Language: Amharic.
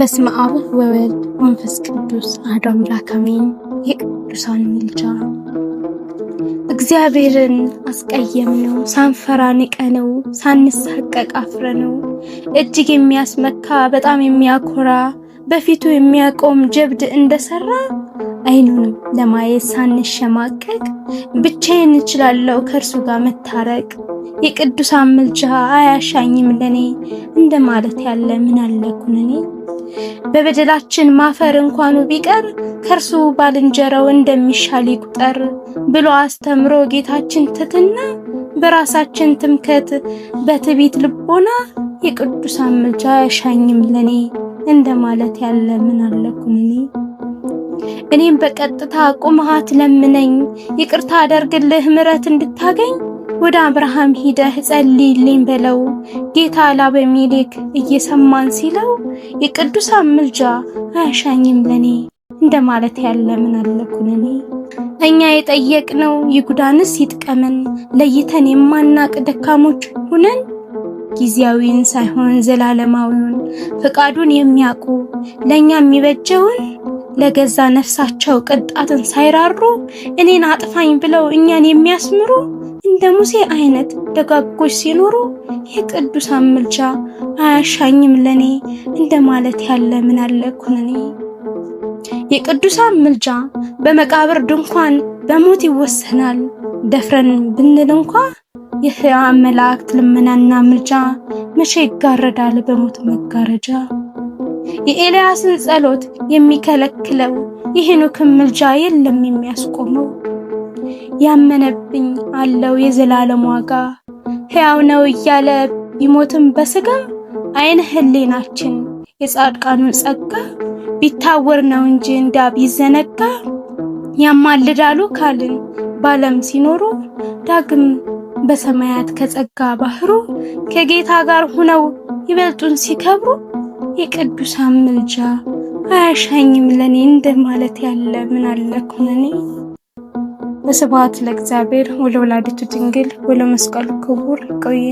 በስመ አብ ወወልድ መንፈስ ቅዱስ አሐዱ አምላክ አሜን። የቅዱሳን ምልጃ እግዚአብሔርን አስቀየምነው ሳንፈራ ንቀነው ሳንሳቀቅ አፍረነው እጅግ የሚያስመካ በጣም የሚያኮራ በፊቱ የሚያቆም ጀብድ እንደሰራ አይኑን ለማየት ሳንሸማቀቅ ብቻዬን እችላለሁ ከእርሱ ጋር መታረቅ የቅዱሳን ምልጃ አያሻኝም ለኔ እንደማለት ያለ ምን አለኩን እኔ በበደላችን ማፈር እንኳኑ ቢቀር ከእርሱ ባልንጀራው እንደሚሻል ይቁጠር ብሎ አስተምሮ ጌታችን ትትና በራሳችን ትምከት በትቢት ልቦና የቅዱሳን ምልጃ ያሻኝም ለኔ እንደማለት ያለ ምን አለኩን እኔ እኔም በቀጥታ ቁመሃት ለምነኝ ይቅርታ አደርግልህ ምረት እንድታገኝ ወደ አብርሃም ሂደህ ጸልይልኝ በለው ጌታ ላበሜሌክ እየሰማን ሲለው የቅዱሳን ምልጃ አያሻኝም ለኔ እንደማለት ያለ ምን አለኩን እኔ እኛ የጠየቅነው ይጉዳንስ ይጥቀመን ለይተን የማናቅ ደካሞች ሁነን ጊዜያዊን ሳይሆን ዘላለማዊውን ፍቃዱን የሚያውቁ ለእኛ የሚበጀውን ለገዛ ነፍሳቸው ቅጣትን ሳይራሩ እኔን አጥፋኝ ብለው እኛን የሚያስምሩ እንደ ሙሴ አይነት ደጋጎች ሲኖሩ የቅዱሳን ምልጃ አያሻኝም ለኔ እንደማለት ያለ ምን አለ ኩነኔ። የቅዱሳን ምልጃ በመቃብር ድንኳን በሞት ይወሰናል ደፍረን ብንል እንኳ የሕያዋን መላእክት ልመናና ምልጃ መቼ ይጋረዳል በሞት መጋረጃ። የኤልያስን ጸሎት የሚከለክለው የሄኖክን ምልጃ የለም የሚያስቆመው። ያመነብኝ አለው የዘላለም ዋጋ ሕያው ነው እያለ ቢሞትም በስጋ አይን ህሌናችን የጻድቃኑን ጸጋ ቢታወር ነው እንጂ እንዳ ቢዘነጋ ያማልዳሉ ካልን ባለም ሲኖሩ ዳግም በሰማያት ከጸጋ ባህሩ ከጌታ ጋር ሆነው ይበልጡን ሲከብሩ የቅዱሳን ምልጃ አያሻኝም ለኔ እንደማለት ያለ ምን አለ ኩነኔ ወስብሐት ለእግዚአብሔር ወለወላዲቱ ድንግል ወለመስቀሉ ክቡር። ቆይ